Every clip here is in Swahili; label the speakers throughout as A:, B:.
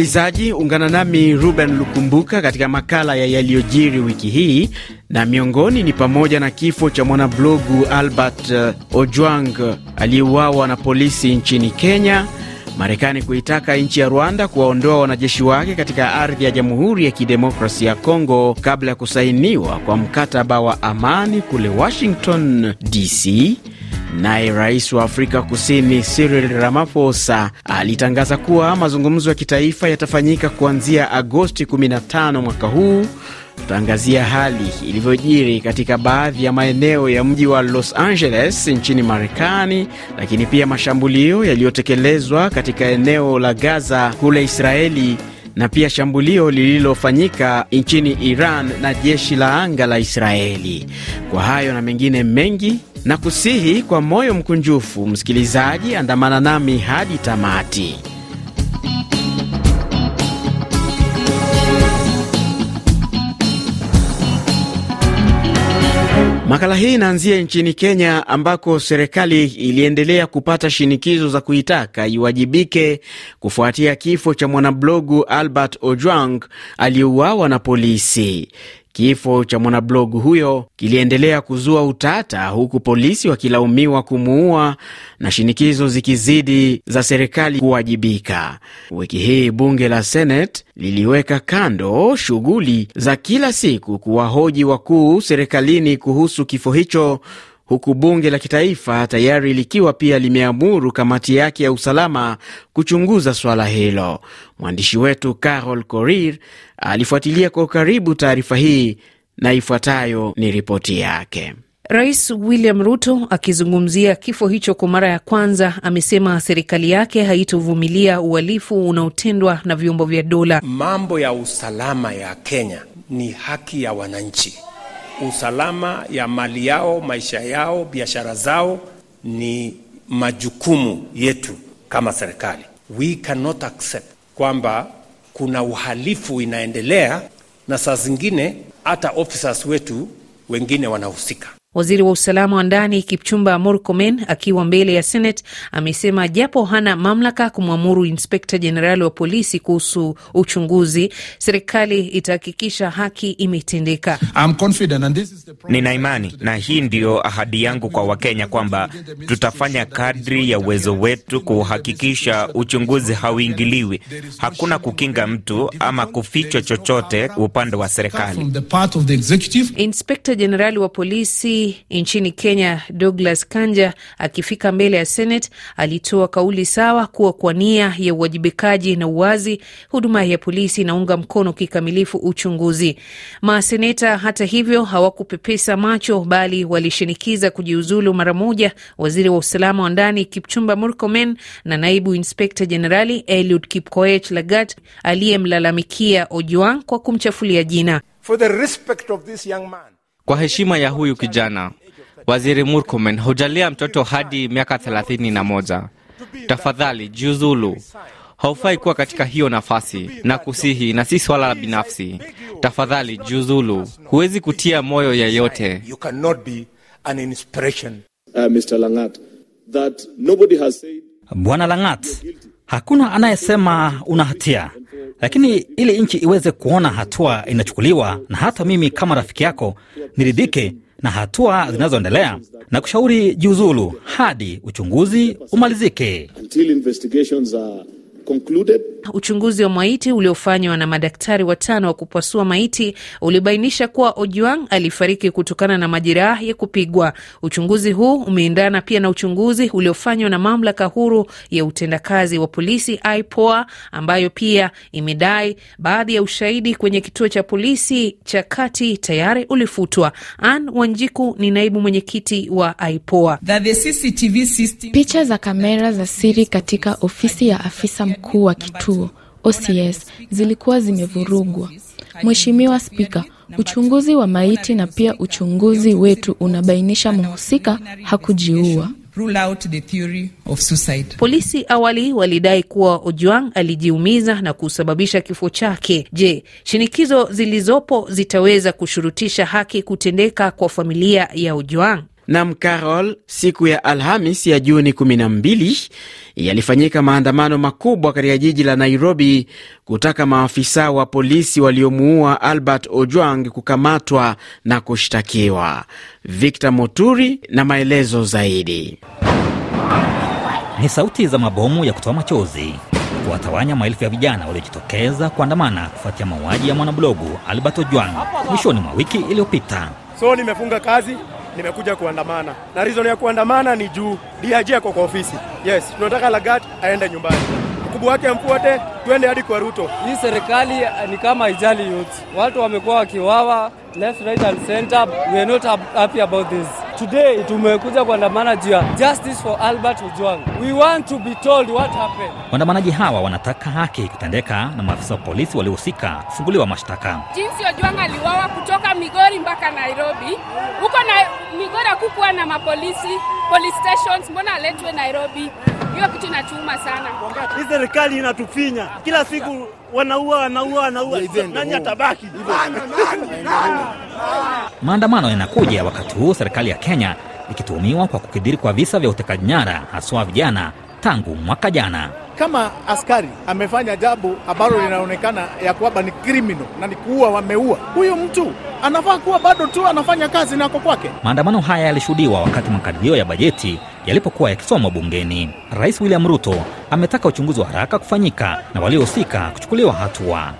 A: msikilizaji, ungana nami Ruben Lukumbuka katika makala ya yaliyojiri wiki hii, na miongoni ni pamoja na kifo cha mwanablogu Albert uh, Ojwang aliyeuawa na polisi nchini Kenya, Marekani kuitaka nchi ya Rwanda kuwaondoa wanajeshi wake katika ardhi ya Jamhuri ya kidemokrasi ya Kongo kabla ya kusainiwa kwa mkataba wa amani kule Washington DC Naye rais wa Afrika Kusini Cyril Ramaphosa alitangaza kuwa mazungumzo ya kitaifa yatafanyika kuanzia Agosti 15 mwaka huu. Tutaangazia hali ilivyojiri katika baadhi ya maeneo ya mji wa Los Angeles nchini Marekani, lakini pia mashambulio yaliyotekelezwa katika eneo la Gaza kule Israeli na pia shambulio lililofanyika nchini Iran na jeshi la anga la Israeli. Kwa hayo na mengine mengi na kusihi kwa moyo mkunjufu, msikilizaji, andamana nami hadi tamati. Makala hii inaanzia nchini Kenya ambako serikali iliendelea kupata shinikizo za kuitaka iwajibike kufuatia kifo cha mwanablogu Albert Ojwang aliyeuawa na polisi. Kifo cha mwanablogu huyo kiliendelea kuzua utata, huku polisi wakilaumiwa kumuua na shinikizo zikizidi za serikali kuwajibika. Wiki hii bunge la Senate liliweka kando shughuli za kila siku kuwahoji wakuu serikalini kuhusu kifo hicho huku bunge la kitaifa tayari likiwa pia limeamuru kamati yake ya usalama kuchunguza swala hilo. Mwandishi wetu Carol Korir alifuatilia kwa ukaribu taarifa hii na ifuatayo ni ripoti yake.
B: Rais William Ruto akizungumzia kifo hicho kwa mara ya kwanza amesema serikali yake haitovumilia uhalifu unaotendwa na vyombo vya dola. Mambo ya usalama ya
C: Kenya ni haki ya wananchi usalama ya mali yao, maisha yao, biashara zao ni majukumu yetu kama serikali. We cannot accept kwamba kuna uhalifu inaendelea na saa zingine hata officers wetu wengine wanahusika.
B: Waziri wa usalama wa ndani Kipchumba Murkomen akiwa mbele ya Senate amesema japo hana mamlaka kumwamuru inspekta jenerali wa polisi kuhusu uchunguzi, serikali itahakikisha haki imetendeka.
A: Nina imani na hii ndiyo ahadi yangu kwa Wakenya kwamba tutafanya kadri ya uwezo wetu kuhakikisha uchunguzi hauingiliwi. Hakuna kukinga mtu ama kufichwa chochote upande wa serikali.
B: Inspekta jenerali wa polisi nchini Kenya Douglas Kanja akifika mbele ya Senate alitoa kauli sawa kuwa kwa nia ya uwajibikaji na uwazi, huduma ya polisi inaunga mkono kikamilifu uchunguzi. Maseneta hata hivyo hawakupepesa macho, bali walishinikiza kujiuzulu mara moja waziri wa usalama wa ndani Kipchumba Murkomen na naibu inspekta jenerali Eliud Kipkoech Lagat aliyemlalamikia ojuan kwa kumchafulia jina.
C: For the respect of this young man.
A: Kwa heshima ya huyu kijana, Waziri Murkomen, hujalia mtoto hadi miaka thelathini na moja. Tafadhali jiuzulu, haufai kuwa katika hiyo nafasi na kusihi, na si swala la binafsi. Tafadhali
D: jiuzulu, huwezi kutia moyo yeyote. Uh, Bwana Langat, hakuna anayesema una hatia lakini ili nchi iweze kuona hatua inachukuliwa, na hata mimi kama rafiki yako niridhike na hatua zinazoendelea na kushauri jiuzulu hadi uchunguzi umalizike
B: concluded. Uchunguzi wa maiti uliofanywa na madaktari watano wa kupasua maiti ulibainisha kuwa Ojuang alifariki kutokana na majeraha ya kupigwa. Uchunguzi huu umeendana pia na uchunguzi uliofanywa na mamlaka huru ya utendakazi wa polisi IPOA, ambayo pia imedai baadhi ya ushahidi kwenye kituo cha polisi cha kati tayari ulifutwa. Ann Wanjiku ni naibu mwenyekiti wa IPOA.
E: Picha za kamera za siri katika ofisi ya afisa mkuu wa kituo OCS zilikuwa zimevurugwa. Mheshimiwa Spika, uchunguzi wa maiti na pia uchunguzi wetu unabainisha mhusika hakujiua.
B: Polisi awali walidai kuwa ojuang alijiumiza na kusababisha kifo chake. Je, shinikizo zilizopo zitaweza kushurutisha haki kutendeka kwa familia ya ojuang na Mcarol
A: siku ya Alhamis ya Juni 12 yalifanyika maandamano makubwa katika jiji la Nairobi kutaka maafisa wa polisi waliomuua Albert Ojwang kukamatwa na kushtakiwa. Victor Moturi na maelezo zaidi.
D: Ni sauti za mabomu ya kutoa machozi kuwatawanya maelfu ya vijana waliojitokeza kuandamana kufuatia mauaji ya mwanablogu Albert Ojwang mwishoni mwa wiki iliyopita.
C: So nimefunga kazi nimekuja kuandamana, na reason ya kuandamana ni juu DIG ako kwa ofisi. Yes, tunataka Lagat aende nyumbani, mkubwa wake amfuate, twende hadi kwa Ruto. Hii serikali eh, ni kama ijali youth, watu wamekuwa wakiwawa left right and center. We are not happy about this. Today tumekuja kuandamana
D: juu ya justice
C: for Albert Ojwang. We want to be told what happened.
D: Waandamanaji hawa wanataka haki ikitendeka na maafisa wa polisi waliohusika kufunguliwa mashtaka.
E: Jinsi Ojwang aliwawa kutoka Migori mpaka Nairobi, huko na Migori hakukuwa na mapolisi police stations, mbona aletwe Nairobi? Hiyo kitu inatuuma sana.
F: Hii serikali inatufinya kila siku wanaua wanaua wanaua, nani oh. atabaki?
D: Maandamano yanakuja wakati huu serikali ya Kenya ikituhumiwa kwa kukidhiri kwa visa vya utekaji nyara haswa vijana tangu mwaka jana.
A: Kama askari
F: amefanya jambo ambalo linaonekana ya kwamba ni kriminal na ni kuua, wameua huyu mtu anafaa kuwa bado tu anafanya kazi nako kwake.
D: Maandamano haya yalishuhudiwa wakati makadirio ya bajeti yalipokuwa yakisomwa bungeni. Rais William Ruto ametaka uchunguzi wa haraka kufanyika na waliohusika kuchukuliwa hatua.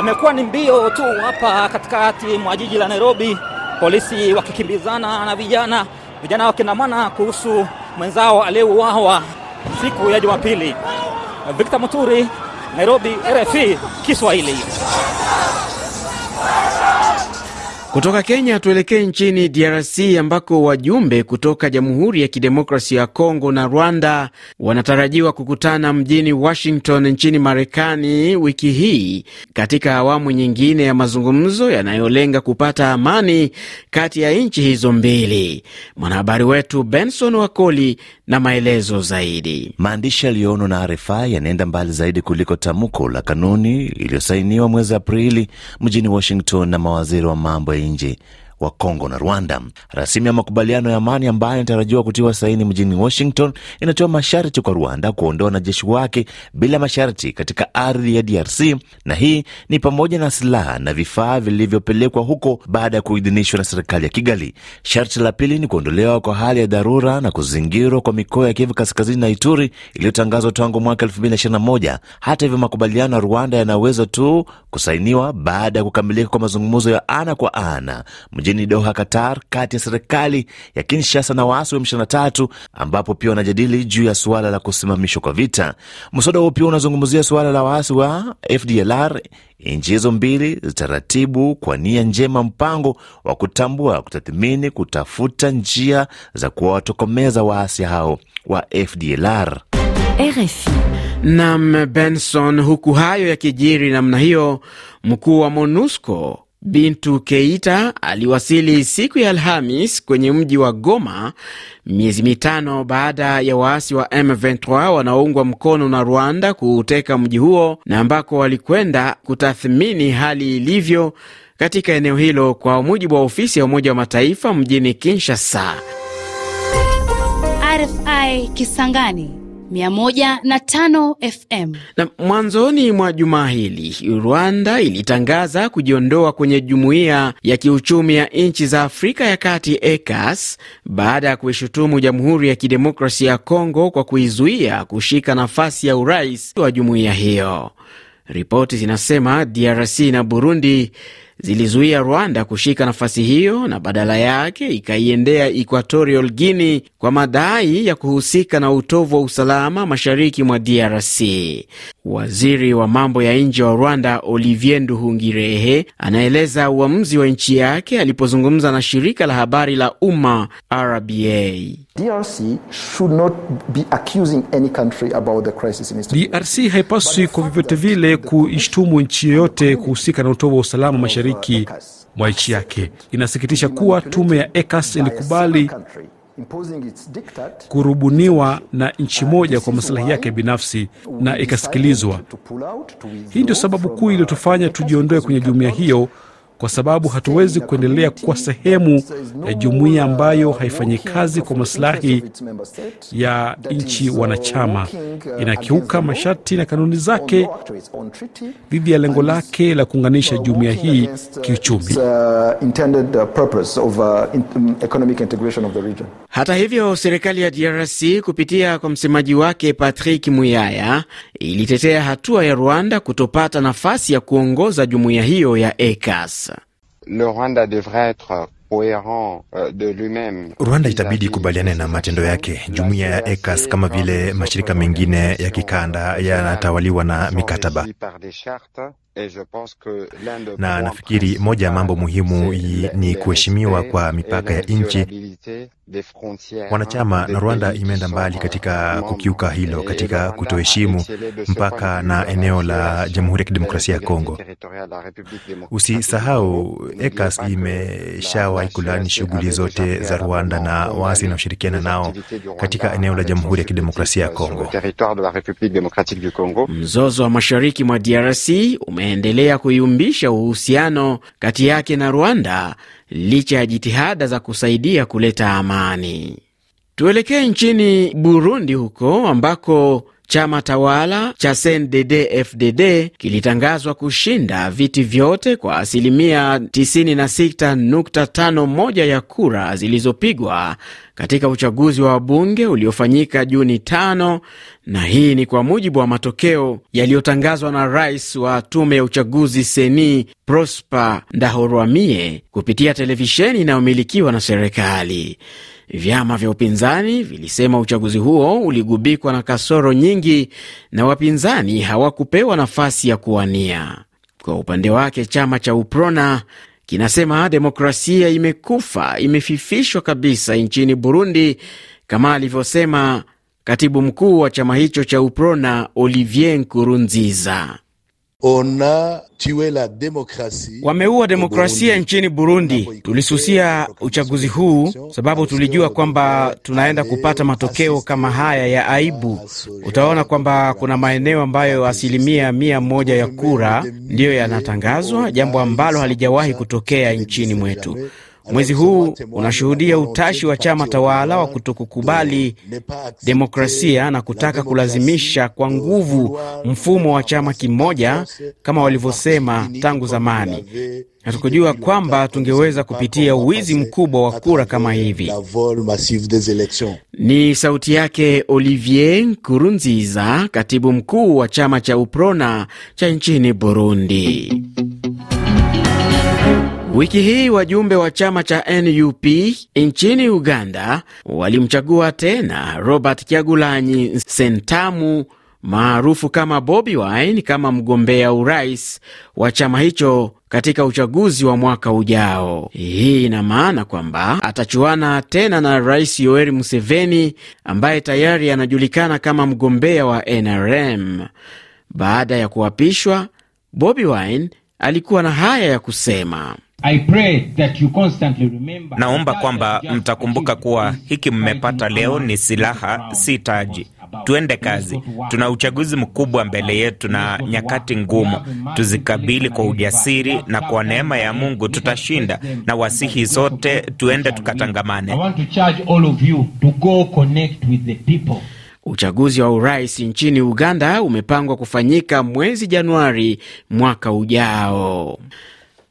D: Imekuwa ni mbio tu hapa katikati mwa jiji la Nairobi, polisi wakikimbizana na vijana vijana wakinamana kuhusu mwenzao aliyeuawa siku ya Jumapili. Victor Muturi, Nairobi, RFI Kiswahili.
A: Kutoka Kenya tuelekee nchini DRC ambako wajumbe kutoka Jamhuri ya Kidemokrasia ya Kongo na Rwanda wanatarajiwa kukutana mjini Washington nchini Marekani wiki hii katika awamu nyingine ya mazungumzo yanayolenga kupata amani kati ya nchi hizo mbili. Mwanahabari wetu Benson
F: Wakoli na maelezo zaidi. Maandishi yaliyoonwa na RFI yanaenda mbali zaidi kuliko tamko la kanuni iliyosainiwa mwezi Aprili mjini Washington na mawaziri wa mambo ya nje wa Kongo na Rwanda. Rasimu ya makubaliano ya amani ambayo inatarajiwa kutiwa saini mjini Washington inatoa masharti kwa Rwanda kuondoa wanajeshi wake bila masharti katika ardhi ya DRC, na hii ni pamoja na silaha na vifaa vilivyopelekwa huko baada ya kuidhinishwa na serikali ya Kigali. Sharti la pili ni kuondolewa kwa hali ya dharura na kuzingirwa kwa mikoa ya Kivu Kaskazini na Ituri iliyotangazwa tangu mwaka 2021. Hata hivyo, makubaliano ya Rwanda yanaweza tu kusainiwa baada ya kukamilika kwa mazungumzo ya ana kwa ana mjini mjini Doha, Qatar, kati ya serikali ya Kinshasa na waasi wa M23, ambapo pia wanajadili juu ya suala la kusimamishwa kwa vita. Mswada huo pia unazungumzia suala la waasi wa FDLR. Nchi hizo mbili zitaratibu kwa nia njema mpango wa kutambua, kutathmini, kutafuta njia za kuwatokomeza waasi hao wa FDLR. RFI. Nam
A: Benson, huku hayo yakijiri namna hiyo, mkuu wa MONUSCO Bintu Keita aliwasili siku ya Alhamis kwenye mji wa Goma, miezi mitano baada ya waasi wa M23 wanaoungwa mkono na Rwanda kuuteka mji huo na ambako walikwenda kutathmini hali ilivyo katika eneo hilo, kwa mujibu wa ofisi ya Umoja wa Mataifa mjini Kinshasa.
E: RFI Kisangani 105 FM.
A: Na mwanzoni mwa juma hili Rwanda ilitangaza kujiondoa kwenye jumuiya ya kiuchumi ya nchi za Afrika ya Kati ECAS baada ya kuishutumu Jamhuri ya Kidemokrasia ya Kongo kwa kuizuia kushika nafasi ya urais wa jumuiya hiyo. Ripoti zinasema DRC na Burundi zilizuia Rwanda kushika nafasi hiyo na badala yake ikaiendea Equatorial Guinea kwa madai ya kuhusika na utovu wa usalama mashariki mwa DRC. Waziri wa mambo ya nje wa Rwanda Olivier Nduhungirehe anaeleza uamuzi wa nchi yake alipozungumza na shirika la habari la umma RBA.
C: DRC haipaswi kwa vyovyote vile kuishtumu nchi yoyote kuhusika na utovu wa usalama mashariki mashariki mwa nchi yake. Inasikitisha kuwa tume ya ECAS ilikubali kurubuniwa na nchi moja kwa masilahi yake binafsi na ikasikilizwa. Hii ndio sababu kuu iliyotufanya tujiondoe kwenye jumuiya hiyo kwa sababu hatuwezi kuendelea kuwa sehemu ya jumuiya ambayo haifanyi kazi kwa masilahi ya nchi wanachama, inakiuka masharti na kanuni zake dhidi ya lengo lake la kuunganisha jumuiya hii kiuchumi. Hata hivyo,
A: serikali ya DRC kupitia kwa msemaji wake Patrick Muyaya ilitetea hatua ya Rwanda kutopata nafasi ya kuongoza jumuiya hiyo ya ECAS. Euh, Rwanda itabidi
F: ikubaliane na matendo yake. Jumuiya ya ECAS kama vile mashirika mengine ya kikanda yanatawaliwa na mikataba na nafikiri moja ya mambo muhimu ni kuheshimiwa kwa mipaka ya nchi wanachama, na Rwanda imeenda mbali katika kukiuka hilo, katika kutoheshimu mpaka na eneo la Jamhuri ya Kidemokrasia ya Kongo. Usisahau ECAS imeshawahi kulani e shughuli zote za Rwanda na waasi inaoshirikiana nao katika eneo la Jamhuri ya euh, Kidemokrasia ya Kongo. Mzozo
A: wa mashariki mwa DRC ume imeendelea kuyumbisha uhusiano kati yake na Rwanda licha ya jitihada za kusaidia kuleta amani. Tuelekee nchini Burundi huko ambako chama tawala cha CNDD FDD kilitangazwa kushinda viti vyote kwa asilimia 96.51 ya kura zilizopigwa katika uchaguzi wa wabunge uliofanyika Juni 5, na hii ni kwa mujibu wa matokeo yaliyotangazwa na rais wa tume ya uchaguzi seni Prosper Ndahorwamie kupitia televisheni inayomilikiwa na serikali. Vyama vya upinzani vilisema uchaguzi huo uligubikwa na kasoro nyingi na wapinzani hawakupewa nafasi ya kuwania. Kwa upande wake, chama cha UPRONA kinasema demokrasia imekufa, imefifishwa kabisa nchini Burundi, kama alivyosema katibu mkuu wa chama hicho cha UPRONA Olivier Nkurunziza.
C: Wameua demokrasia nchini
A: Burundi. Tulisusia uchaguzi huu sababu tulijua kwamba tunaenda kupata matokeo kama haya ya aibu. Utaona kwamba kuna maeneo ambayo asilimia mia moja ya kura ndiyo yanatangazwa, jambo ambalo halijawahi kutokea nchini mwetu. Mwezi huu unashuhudia utashi wa chama tawala wa kutokukubali demokrasia na kutaka kulazimisha kwa nguvu mfumo wa chama kimoja kama walivyosema tangu zamani. Hatukujua kwamba tungeweza kupitia uwizi mkubwa wa kura kama hivi. Ni sauti yake Olivier Nkurunziza, katibu mkuu wa chama cha UPRONA cha nchini Burundi. Wiki hii wajumbe wa chama cha NUP nchini Uganda walimchagua tena Robert Kyagulanyi Sentamu maarufu kama Bobi Wine kama mgombea urais wa chama hicho katika uchaguzi wa mwaka ujao. Hii ina maana kwamba atachuana tena na Rais Yoweri Museveni ambaye tayari anajulikana kama mgombea wa NRM. Baada ya kuapishwa, Bobi Wine alikuwa na haya ya kusema. Naomba kwamba mtakumbuka kuwa hiki mmepata leo ni silaha, si taji. Tuende kazi. Tuna uchaguzi mkubwa mbele yetu na nyakati ngumu, tuzikabili kwa ujasiri, na kwa neema ya Mungu tutashinda. Na wasihi zote tuende tukatangamane. Uchaguzi wa urais nchini Uganda umepangwa kufanyika mwezi Januari mwaka ujao.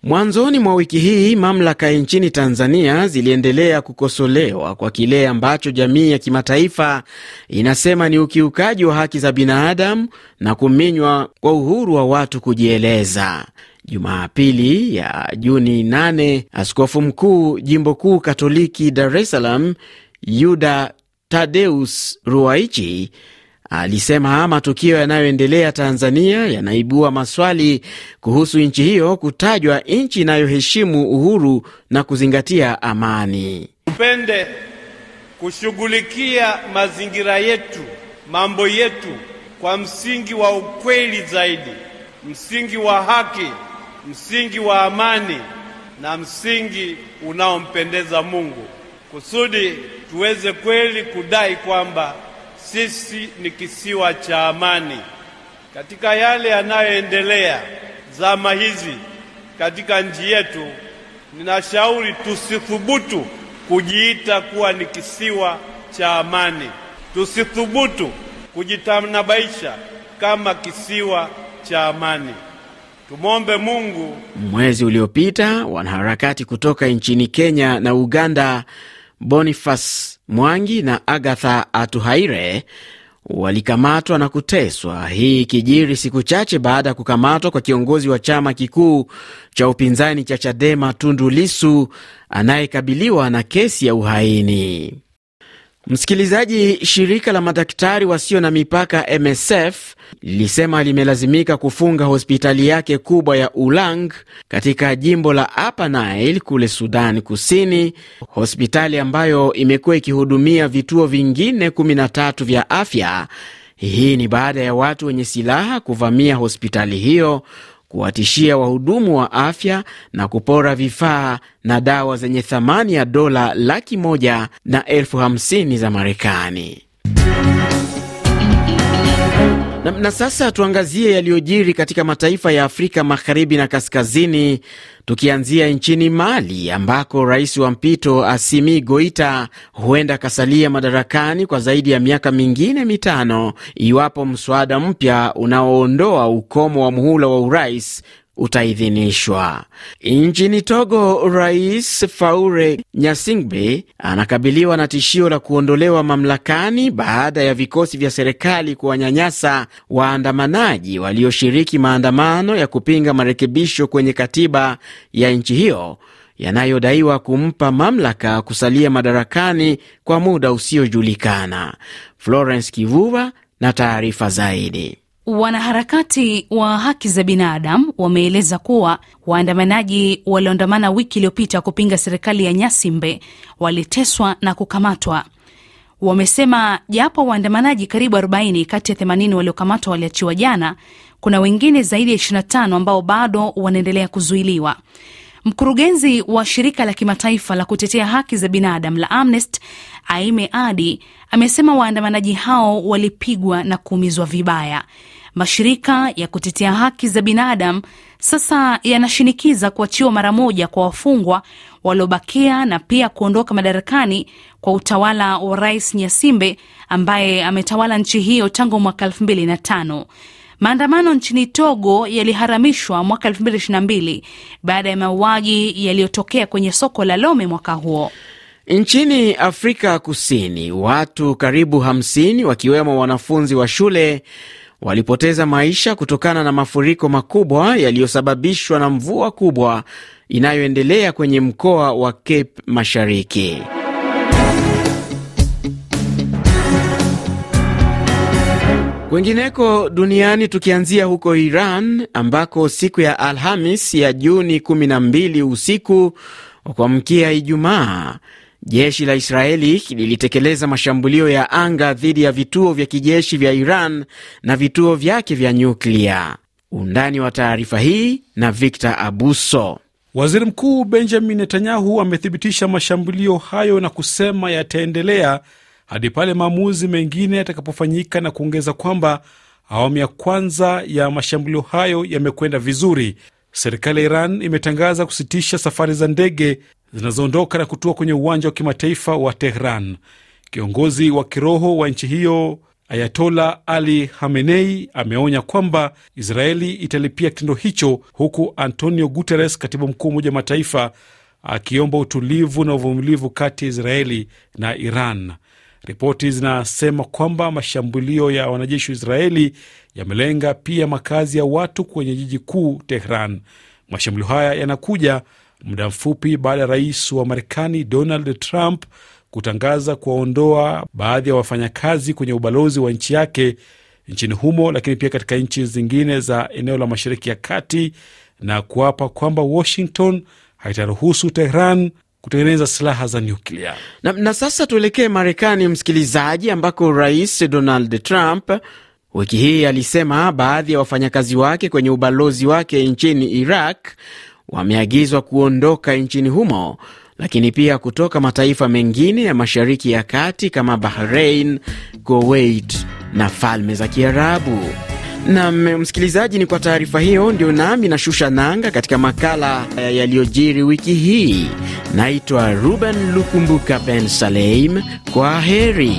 A: Mwanzoni mwa wiki hii mamlaka nchini Tanzania ziliendelea kukosolewa kwa kile ambacho jamii ya kimataifa inasema ni ukiukaji wa haki za binadamu na kuminywa kwa uhuru wa watu kujieleza. Jumapili ya Juni 8, askofu mkuu jimbo kuu Katoliki Dar es Salaam Yuda Tadeus Ruwaichi alisema matukio yanayoendelea Tanzania yanaibua maswali kuhusu nchi hiyo kutajwa nchi inayoheshimu uhuru na kuzingatia amani.
C: Tupende kushughulikia mazingira yetu, mambo yetu kwa msingi wa ukweli zaidi, msingi wa haki, msingi wa amani na msingi unaompendeza Mungu, kusudi tuweze kweli kudai kwamba sisi ni kisiwa cha amani. Katika yale yanayoendelea zama hizi katika nchi yetu, ninashauri tusithubutu kujiita kuwa ni kisiwa cha amani, tusithubutu kujitanabaisha kama kisiwa cha amani. Tumwombe Mungu.
A: Mwezi uliopita wanaharakati kutoka nchini Kenya na Uganda Boniface Mwangi na Agatha Atuhaire walikamatwa na kuteswa, hii ikijiri siku chache baada ya kukamatwa kwa kiongozi wa chama kikuu cha upinzani cha Chadema Tundu Lisu anayekabiliwa na kesi ya uhaini. Msikilizaji, shirika la madaktari wasio na mipaka MSF lilisema limelazimika kufunga hospitali yake kubwa ya Ulang katika jimbo la Upper Nile kule Sudan Kusini, hospitali ambayo imekuwa ikihudumia vituo vingine 13 vya afya. Hii ni baada ya watu wenye silaha kuvamia hospitali hiyo kuwatishia wahudumu wa afya na kupora vifaa na dawa zenye thamani ya dola laki moja na elfu hamsini za Marekani. Na, na sasa tuangazie yaliyojiri katika mataifa ya Afrika magharibi na kaskazini, tukianzia nchini Mali ambako rais wa mpito asimi Goita huenda akasalia madarakani kwa zaidi ya miaka mingine mitano iwapo mswada mpya unaoondoa ukomo wa muhula wa urais utaidhinishwa. Nchini Togo, Rais Faure Nyasingbe anakabiliwa na tishio la kuondolewa mamlakani baada ya vikosi vya serikali kuwanyanyasa waandamanaji walioshiriki maandamano ya kupinga marekebisho kwenye katiba ya nchi hiyo yanayodaiwa kumpa mamlaka kusalia madarakani kwa muda usiojulikana. Florence Kivuva na taarifa zaidi.
E: Wanaharakati wa haki za binadamu wameeleza kuwa waandamanaji walioandamana wiki iliyopita kupinga serikali ya Nyasimbe waliteswa na kukamatwa. Wamesema japo waandamanaji karibu 40 kati ya 80 waliokamatwa waliachiwa jana, kuna wengine zaidi ya 25 ambao bado wanaendelea kuzuiliwa. Mkurugenzi wa shirika la kimataifa la kutetea haki za binadamu la Amnesty Aime Adi amesema waandamanaji hao walipigwa na kuumizwa vibaya mashirika ya kutetea haki za binadamu sasa yanashinikiza kuachiwa mara moja kwa wafungwa waliobakia na pia kuondoka madarakani kwa utawala wa Rais Nyasimbe ambaye ametawala nchi hiyo tangu mwaka 2005. Maandamano nchini Togo yaliharamishwa mwaka 2022 baada ya mauaji yaliyotokea kwenye soko la Lome mwaka huo.
A: Nchini Afrika Kusini, watu karibu 50 wakiwemo wanafunzi wa shule walipoteza maisha kutokana na mafuriko makubwa yaliyosababishwa na mvua kubwa inayoendelea kwenye mkoa wa Cape Mashariki. Kwingineko duniani tukianzia huko Iran ambako siku ya Alhamis ya Juni 12 usiku kwa mkia Ijumaa Jeshi la Israeli lilitekeleza mashambulio ya anga dhidi ya vituo vya kijeshi vya Iran na vituo vyake vya nyuklia.
C: Undani wa taarifa hii na Victor Abuso. Waziri Mkuu Benjamin Netanyahu amethibitisha mashambulio hayo na kusema yataendelea hadi pale maamuzi mengine yatakapofanyika na kuongeza kwamba awamu ya kwanza ya mashambulio hayo yamekwenda vizuri. Serikali ya Iran imetangaza kusitisha safari za ndege zinazoondoka na kutua kwenye uwanja wa kimataifa wa Tehran. Kiongozi wa kiroho wa nchi hiyo Ayatola Ali Hamenei ameonya kwamba Israeli italipia kitendo hicho, huku Antonio Guterres, katibu mkuu wa Umoja wa Mataifa, akiomba utulivu na uvumilivu kati ya Israeli na Iran. Ripoti zinasema kwamba mashambulio ya wanajeshi wa Israeli yamelenga pia makazi ya watu kwenye jiji kuu Tehran. Mashambulio haya yanakuja muda mfupi baada ya rais wa Marekani Donald Trump kutangaza kuwaondoa baadhi ya wafanyakazi kwenye ubalozi wa nchi yake nchini humo, lakini pia katika nchi zingine za eneo la Mashariki ya Kati na kuapa kwamba Washington haitaruhusu Tehran kutengeneza silaha za nyuklia. Na, na sasa tuelekee Marekani, msikilizaji,
A: ambako rais Donald Trump wiki hii alisema baadhi ya wafanyakazi wake kwenye ubalozi wake nchini Iraq wameagizwa kuondoka nchini humo, lakini pia kutoka mataifa mengine ya Mashariki ya Kati kama Bahrain, Kuwait na Falme za Kiarabu. Nam msikilizaji, ni kwa taarifa hiyo ndio nami nashusha nanga katika makala eh, yaliyojiri wiki hii. Naitwa Ruben Lukumbuka Ben Saleim, kwa heri.